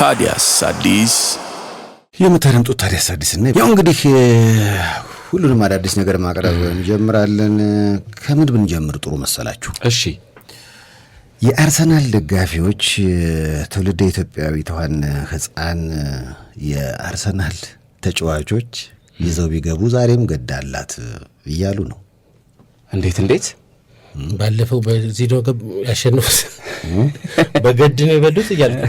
ታዲያስ አዲስ የምታደምጡት ታዲያስ አዲስ ነ ያው እንግዲህ ሁሉንም አዳዲስ ነገር ማቅረብ እንጀምራለን። ከምን ብንጀምር ጥሩ መሰላችሁ? እሺ የአርሰናል ደጋፊዎች ትውልደ ኢትዮጵያዊቷን ህፃን የአርሰናል ተጫዋቾች ይዘው ቢገቡ ዛሬም ገዳላት እያሉ ነው። እንዴት እንዴት ባለፈው በዚህ ያሸንፉት በገድ ነው የበሉት እያልኩ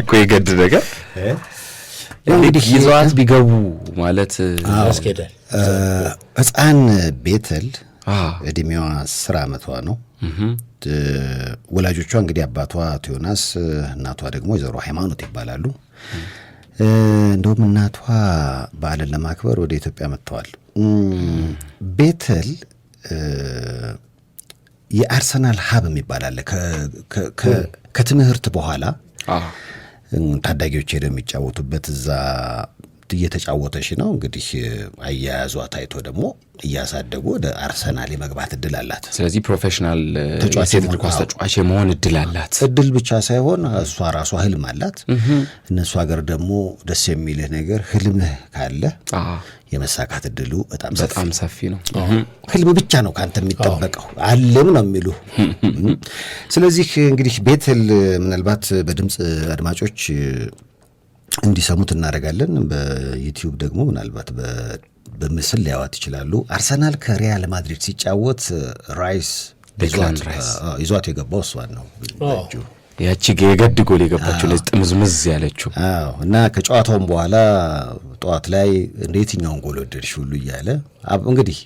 እኮ የገድ ነገር እንግዲህ ይዘዋት ቢገቡ ማለት ያስኬዳል። ህፃን ቤተል እድሜዋ አስር ዓመቷ ነው። ወላጆቿ እንግዲህ አባቷ ቴዮናስ እናቷ ደግሞ ወይዘሮ ሃይማኖት ይባላሉ። እንደውም እናቷ በዓልን ለማክበር ወደ ኢትዮጵያ መጥተዋል። ቤተል የአርሰናል ሀብ የሚባል አለ። ከትምህርት በኋላ ታዳጊዎች ሄደው የሚጫወቱበት እዛ ከብት እየተጫወተች ነው እንግዲህ አያያዟ ታይቶ ደግሞ እያሳደጉ ወደ አርሰናል የመግባት እድል አላት። ስለዚህ ፕሮፌሽናል ኳስ ተጫዋች የመሆን እድል አላት። እድል ብቻ ሳይሆን እሷ ራሷ ህልም አላት። እነሱ ሀገር ደግሞ ደስ የሚልህ ነገር ህልምህ ካለ የመሳካት እድሉ በጣም ሰፊ ነው። ህልም ብቻ ነው ከአንተ የሚጠበቀው አለም ነው የሚሉ ስለዚህ እንግዲህ ቤትል ምናልባት በድምፅ አድማጮች እንዲሰሙት እናደርጋለን። በዩቲዩብ ደግሞ ምናልባት በምስል ሊያዋት ይችላሉ። አርሰናል ከሪያል ማድሪድ ሲጫወት ራይስ ይዟት የገባው እሷን ነው ያቺ የገድ ጎል የገባችው ለዚህ ጥምዝምዝ ያለችው እና ከጨዋታውም በኋላ ጠዋት ላይ እንደ የትኛውን ጎል ወደድሽ ሁሉ እያለ እንግዲህ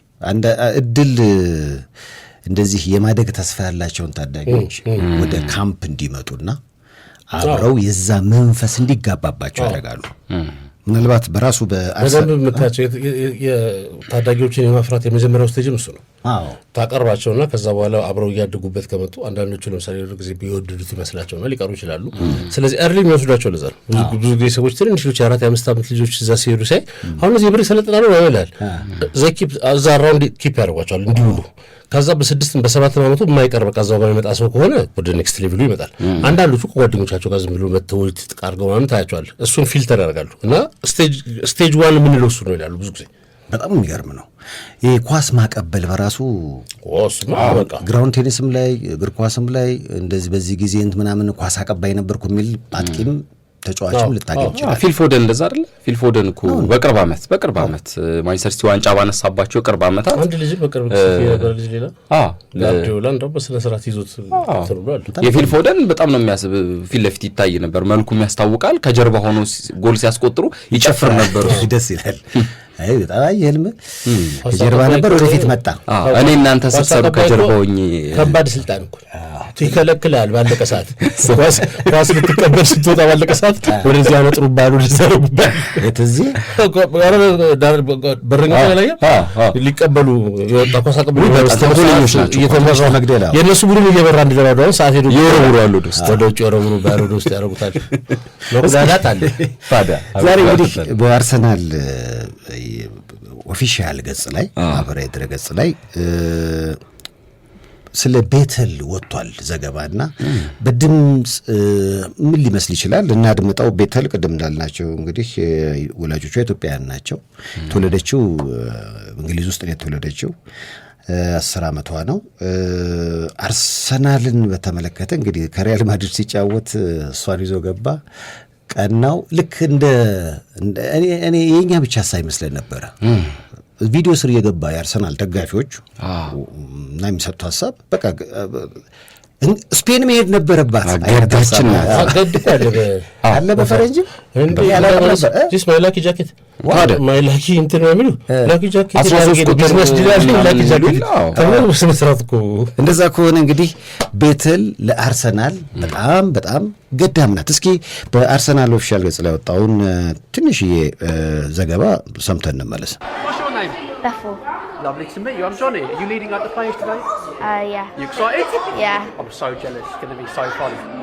እድል እንደዚህ የማደግ ተስፋ ያላቸውን ታዳጊዎች ወደ ካምፕ እንዲመጡና አብረው የዛ መንፈስ እንዲጋባባቸው ያደርጋሉ። ምናልባት በራሱ በደንብ የምታቸው ታዳጊዎችን የማፍራት የመጀመሪያው ስቴጅም እሱ ነው። ታቀርባቸውና ከዛ በኋላ አብረው እያደጉበት ከመጡ አንዳንዶቹ ለምሳሌ ሆነ ጊዜ ቢወድዱት ይመስላቸውና ሊቀሩ ይችላሉ። ስለዚህ እርሊ የሚወስዷቸው ለዛ ነው። ብዙ ጊዜ ሰዎች ትንንሽ ልጆች የአራት የአምስት ዓመት ልጆች እዛ ሲሄዱ ሳይ አሁን እዚህ ብር ሰለጥናሉ ነው ይላል። እዛ ራውንድ ኪፕ ያደርጓቸዋል እንዲውሉ ከዛ በስድስት በሰባት ዓመቱ የማይቀር በቃ እዛው ጋር የሚመጣ ሰው ከሆነ ወደ ኔክስት ሌቭሉ ይመጣል። አንዳንዶቹ ከጓደኞቻቸው ጋር ዝም ብሎ መተወጅ ጥቃ ምናምን ታያቸዋል። እሱን ፊልተር ያደርጋሉ እና ስቴጅ ዋን የምንለው እሱ ነው ይላሉ ብዙ ጊዜ በጣም የሚገርም ነው። ይህ ኳስ ማቀበል በራሱ ግራውንድ ቴኒስም ላይ እግር ኳስም ላይ እንደዚህ በዚህ ጊዜ እንትን ምናምን ኳስ አቀባይ ነበርኩ የሚል አጥቂም ተጫዋችም ልታገኝ ይችላል። ፊልፎደን እንደዛ አይደለ? ፊልፎደን ፎደን እኮ በቅርብ ዓመት በቅርብ ዓመት ማንቸስተር ሲቲ ዋንጫ ባነሳባቸው ቅርብ ዓመታት አንድ ልጅ በቅርብ ልጅ ሌላ ጓርዲዮላ እንደውም በስነ ስርዓት ይዞት ተብሏል። የፊል ፎደን በጣም ነው የሚያስብ። ፊት ለፊት ይታይ ነበር፣ መልኩም ያስታውቃል። ከጀርባ ሆኖ ጎል ሲያስቆጥሩ ይጨፍር ነበር። ደስ ይላል። በጣም ህልም ከጀርባ ነበር፣ ወደፊት መጣ። እኔ እናንተ ስብሰብ ከጀርባውኝ ከባድ ስልጣን እኮ ይከለክላል። ባለቀ ሰዓት ኳስ ልትቀበል ስትወጣ ባለቀ ሰዓት ወደዚያ ያነጥሩባል፣ ወደዚያ ያረጉባል። እዚህ በረኛ ላይ ሊቀበሉ የወጣ ኳስ አቀበሉ እየተመራ መግደላ የእነሱ ቡድን እየበራ እንዲደራዱ አሁን ሰዓት ሄዱ የወረውሩ አሉ ውስጥ ወደ ውጭ የወረውሩ ባሉ ወደ ውስጥ ያደረጉታል። መጉዳዳት አለ። ዛሬ እንግዲህ በአርሰናል ኦፊሻል ገጽ ላይ ማህበራዊ ገጽ ላይ ስለ ቤተል ወጥቷል ዘገባ እና በድምፅ ምን ሊመስል ይችላል? እናድምጠው። ቤተል ቅድም እንዳልናቸው እንግዲህ ወላጆቿ ኢትዮጵያውያን ናቸው። የተወለደችው እንግሊዝ ውስጥ ነው የተወለደችው። አስር ዓመቷ ነው። አርሰናልን በተመለከተ እንግዲህ ከሪያል ማድሪድ ሲጫወት እሷን ይዞ ገባ። ቀናው ልክ እንደ እኔ የኛ ብቻ ሳይመስለን ነበረ። ቪዲዮ ስር እየገባ የአርሰናል ደጋፊዎች እና የሚሰጡት ሀሳብ በቃ ስፔን መሄድ ነበረባት። አለ በፈረንጅ ላኪ እንትን የሚሉ ላኪ ጃኬት እንደዛ ከሆነ እንግዲህ ቤትል ለአርሰናል በጣም በጣም ገዳም ናት። እስኪ በአርሰናል ኦፊሻል ገጽ ላይ ወጣውን ትንሽዬ ዘገባ ሰምተን እንመለስ። Lovely to meet you. I'm Johnny. Are you leading up the players today? Uh, yeah. You excited? yeah. I'm so jealous. It's going to be so fun.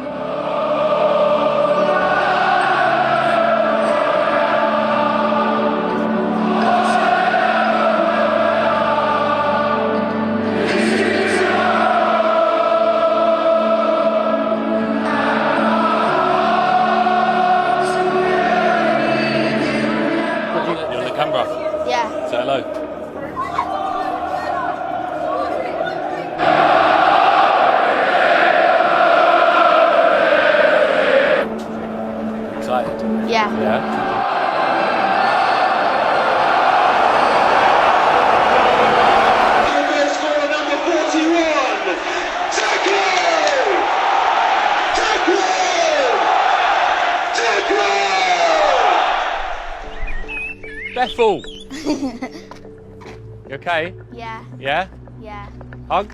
excited? Yeah. Yeah. Bethel. you okay? Yeah. Yeah? Yeah. Hug?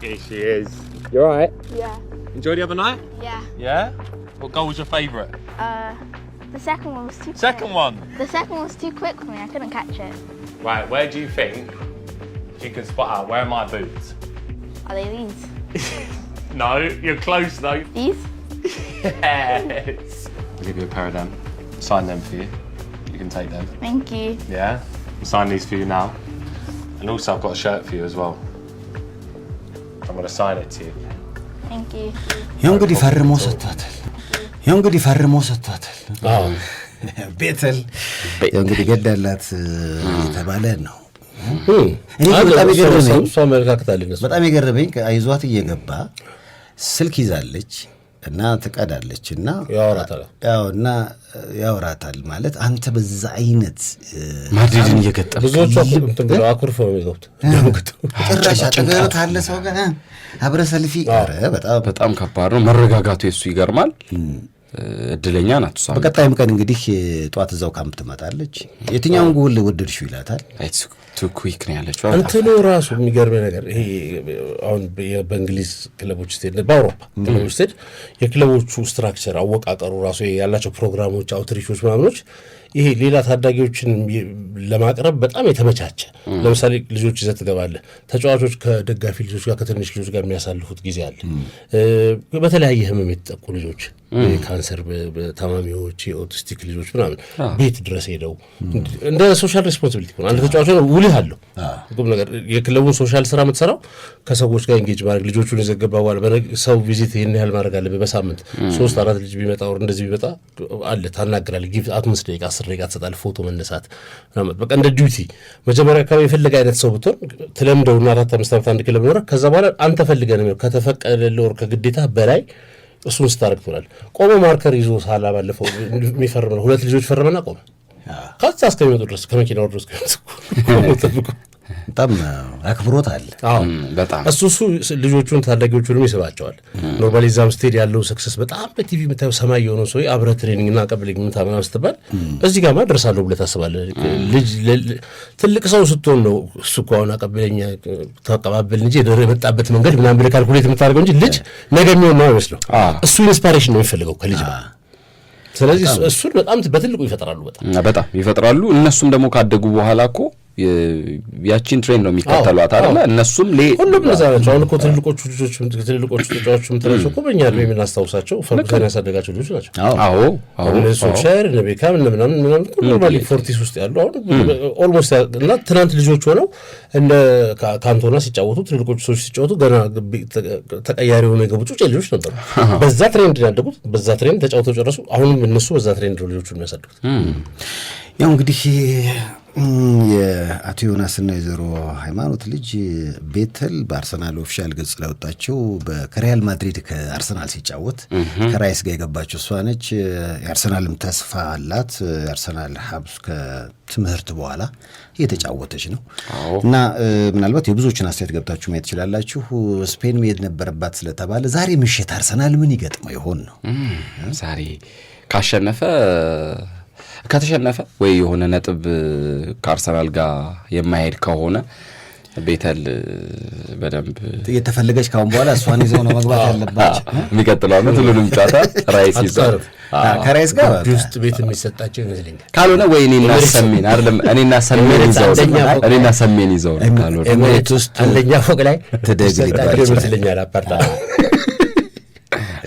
Here she is. You alright? Yeah. Enjoy the other night? Yeah. Yeah? What goal was your favourite? Uh, the second one was too Second quick. one. The second one was too quick for me. I couldn't catch it. Right, where do you think you can spot out? Where are my boots? Are they these? no, you're close though. These? yes. I'll give you a pair of them. Sign them for you. You can take them. Thank you. Yeah? I'll sign these for you now. And also, I've got a shirt for you as well. I'm going to sign it to you. Thank you. ያው እንግዲህ ፈርሞ ሰጥቷታል። ቤተል እንግዲህ ገዳላት የተባለ ነው። በጣም የገረመኝ አይዟት እየገባ ስልክ ይዛለች እና ትቀዳለች እና እና ያወራታል ማለት አንተ በዛ አይነት ማድሪድን እየገጠም ሰው ጋር አብረ ሰልፊ በጣም ከባድ ነው። መረጋጋቱ የሱ ይገርማል። እድለኛ ናት። በቀጣይም ቀን እንግዲህ ጠዋት እዛው ካምፕ ትመጣለች። የትኛውን ጎል ወደድሽው ይላታል። ቱኩክ ነው ያለችው። እንትኑ ራሱ የሚገርም ነገር ይሄ አሁን በእንግሊዝ ክለቦች ስቴድ፣ በአውሮፓ ክለቦች ስቴድ የክለቦቹ ስትራክቸር አወቃቀሩ ራሱ ያላቸው ፕሮግራሞች፣ አውትሪቾች ምናምኖች ይሄ ሌላ ታዳጊዎችን ለማቅረብ በጣም የተመቻቸ ለምሳሌ ልጆች ይዘህ ትገባለህ። ተጫዋቾች ከደጋፊ ልጆች ጋር ከትንሽ ልጆች ጋር የሚያሳልፉት ጊዜ አለ። በተለያየ ህመም የተጠቁ ልጆች የካንሰር ታማሚዎች፣ የኦቲስቲክ ልጆች ምናምን ቤት ድረስ ሄደው እንደ ሶሻል ሬስፖንሲቢሊቲ አንድ ተጫዋች ውልህ አለው ቁም ነገር የክለቡን ሶሻል ስራ የምትሰራው ከሰዎች ጋር ኢንጌጅ ማድረግ ልጆቹን የዘገባ በኋላ ሰው ቪዚት ይህን ያህል ማድረግ አለ። በሳምንት ሶስት አራት ልጅ ቢመጣ ወር እንደዚህ ቢመጣ አለ ታናግራለህ። አምስት ደቂቃ አስር ደቂቃ ትሰጣል ፎቶ መነሳት ምናምን በቃ እንደ ዲዩቲ መጀመሪያ አካባቢ የፈለገ አይነት ሰው ብትሆን ትለምደውና አራት አምስት ዓመት አንድ ክለብ ኖረ ከዛ በኋላ አንተ ፈልገህ ነው የሚሆን ከተፈቀደልህ ወር ከግዴታ በላይ እሱን ስታደርግ ትሆናል። ቆመ ማርከር ይዞ ሳላ ባለፈው የሚፈርም ነው ሁለት ልጆች ፈርመና ቆመ ከዛ እስከሚመጡ ድረስ ከመኪና ከመኪናው ድረስ ከሚመጡ በጣም አክብሮት አለ። በጣም እሱ እሱ ልጆቹን ታዳጊዎቹንም ይስባቸዋል። ኖርማሊዛም ስቴድ ያለው ሰክሰስ በጣም በቲቪ የምታየው ሰማይ የሆነ ሰው አብረ ትሬኒንግና ቀብሊንግ ምታምና ስትባል እዚህ ጋር ደርሳለሁ ብለህ ታስባለህ። ትልቅ ሰው ስትሆን ነው እሱ እኮ አሁን አቀብለኛ ተቀባበል እንጂ ደረ የመጣበት መንገድ ምናምን ብለህ ካልኩሌት የምታደርገው እንጂ ልጅ ነገ የሚሆን ነው አይመስለው። እሱ ኢንስፓሬሽን ነው የሚፈልገው ከልጅ ስለዚህ እሱን በጣም በትልቁ ይፈጥራሉ። በጣም በጣም ይፈጥራሉ። እነሱም ደግሞ ካደጉ በኋላ እኮ ያቺን ትሬን ነው የሚከተሏት አለ እነሱም ሁሉም ነዛ ናቸው። አሁን እኮ ትልልቆቹ ልጆች ትልልቆቹ ተጫዋቾች ምትላቸው እኮ በእኛ ዕድሜ የምናስታውሳቸው ፈርጉሰን ያሳደጋቸው ልጆች ናቸው። አዎ እነ ሶልሻየር እነ ቤካም እነ ምናምን ምናምን ኖርማሊ ፎርቲስ ውስጥ ያሉ አሁን ኦልሞስት እና ትናንት ልጆች ሆነው እንደ ካንቶና ሲጫወቱ ትልልቆቹ ሰዎች ሲጫወቱ ገና ተቀያሪ ሆነ የገቡጭ ውጭ ልጆች ነበሩ። በዛ ትሬንድ ያደጉት በዛ ትሬንድ ተጫውተው ጨረሱ። አሁንም እነሱ በዛ ትሬንድ ነው ልጆቹ የሚያሳድጉት። ያው እንግዲህ የአቶ ዮናስና የዘሮ ሃይማኖት ልጅ ቤተል በአርሰናል ኦፊሻል ገጽ ላይ ወጣችው ከሪያል ማድሪድ ከአርሰናል ሲጫወት ከራይስ ጋር የገባቸው እሷ ነች። የአርሰናልም ተስፋ አላት። የአርሰናል ሀብስ ከትምህርት በኋላ እየተጫወተች ነው እና ምናልባት የብዙዎችን አስተያየት ገብታችሁ ማየት ትችላላችሁ። ስፔን መሄድ ነበረባት ስለተባለ ዛሬ ምሽት አርሰናል ምን ይገጥመው ይሆን ነው ዛሬ ካሸነፈ ከተሸነፈ ወይ የሆነ ነጥብ ከአርሰናል ጋር የማሄድ ከሆነ ቤተል በደንብ የተፈለገች ካሁን በኋላ እሷን ይዘው ነው መግባት ያለባቸው። የሚቀጥለው ዓመት ሁሉንም ጨዋታ ራይስ ይዛል። ከራይስ ጋር ውስጥ ቤት የሚሰጣቸው ይመስለኛል። ካልሆነ ወይ እኔና ሰሜን አይደለም እኔና ሰሜን ይዘው እኔና ሰሜን ይዘው ነው ካልሆነ ውስጥ አንደኛ ፎቅ ላይ ትደግልባቸው ይመስለኛል አፓርታ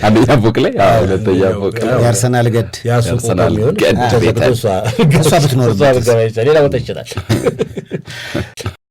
አንደኛ ፎቅ ላይ ሁለተኛ ፎቅ ላይ የአርሰናል ገድ የአርሰናል ገድ ቤታ እሷ ብትኖር ሌላ ቦታ ይችላል።